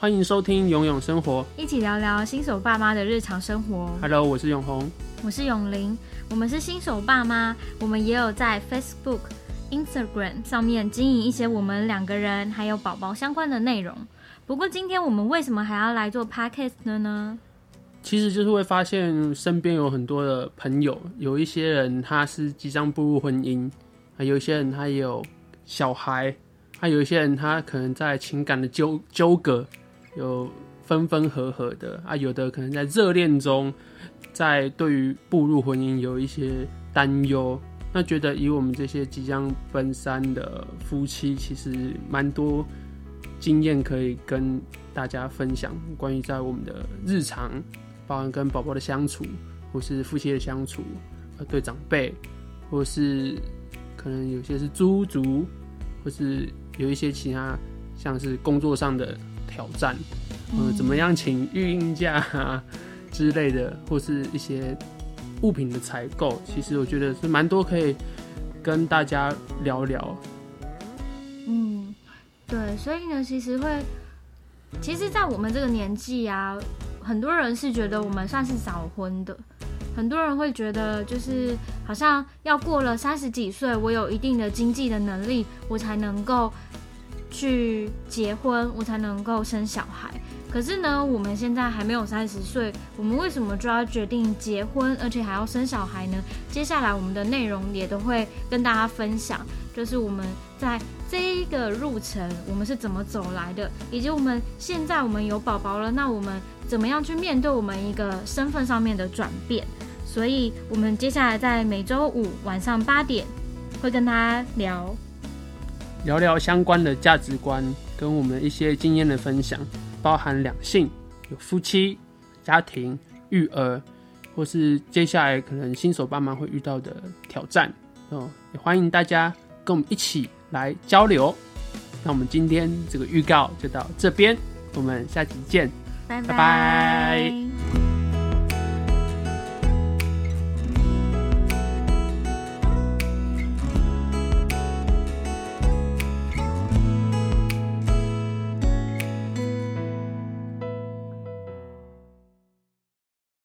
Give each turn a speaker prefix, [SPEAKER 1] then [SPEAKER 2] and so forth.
[SPEAKER 1] 歡迎收聽《永詠生活》，
[SPEAKER 2] 一起聊聊新手爸媽的日常生活。
[SPEAKER 1] Hello，我是永鴻，
[SPEAKER 2] 我是詠玲，我們是新手爸媽，我們也有在 Facebook、Instagram 上面經營一些我們兩個人還有寶寶相關的內容。不過，今天我們為什麼還要來做 Podcast 呢？
[SPEAKER 1] 其實就是會發現身邊有很多的朋友，有一些人他是即將步入婚姻，還有一些人他也有小孩，還有一些人他可能在情感的糾糾葛。有分分合合的啊，有的可能在熱戀中，在對於步入婚姻有一些擔憂。那覺得以我們這些即將奔三的夫妻，其實蠻多經驗可以跟大家分享。關於在我們的日常，包含跟寶寶的相處，或是夫妻的相處，呃，對長輩，或是可能有些是租屋族，或是有一些其他，像是工作上的。挑戰，嗯、呃，怎麼樣請育嬰假之類的，或是一些物品的採購，其實我覺得是蠻多可以跟大家聊聊。嗯，
[SPEAKER 2] 對，所以呢，其實會，其實，在我們這個年紀啊，很多人是覺得我們算是早婚的，很多人會覺得就是好像要過了三十幾歲，我有一定的經濟的能力，我才能夠。去結婚，我才能夠生小孩。可是呢，我們現在還沒有三十歲，我們為什麼就要決定結婚，而且還要生小孩呢？接下來我們的內容也都會跟大家分享，就是我們在這一個路程，我們是怎麼走來的，以及我們現在我們有寶寶了，那我們怎麼樣去面對我們一個身份上面的轉變？所以，我們接下來在每週五晚上八點會跟大家聊。
[SPEAKER 1] 聊聊相關的價值觀，跟我們一些經驗的分享，包含兩性、有夫妻、家庭、育兒，或是接下來可能新手爸媽會遇到的挑戰哦，也歡迎大家跟我們一起來交流。那我們今天這個預告就到這邊，我們下集見，拜拜。Bye bye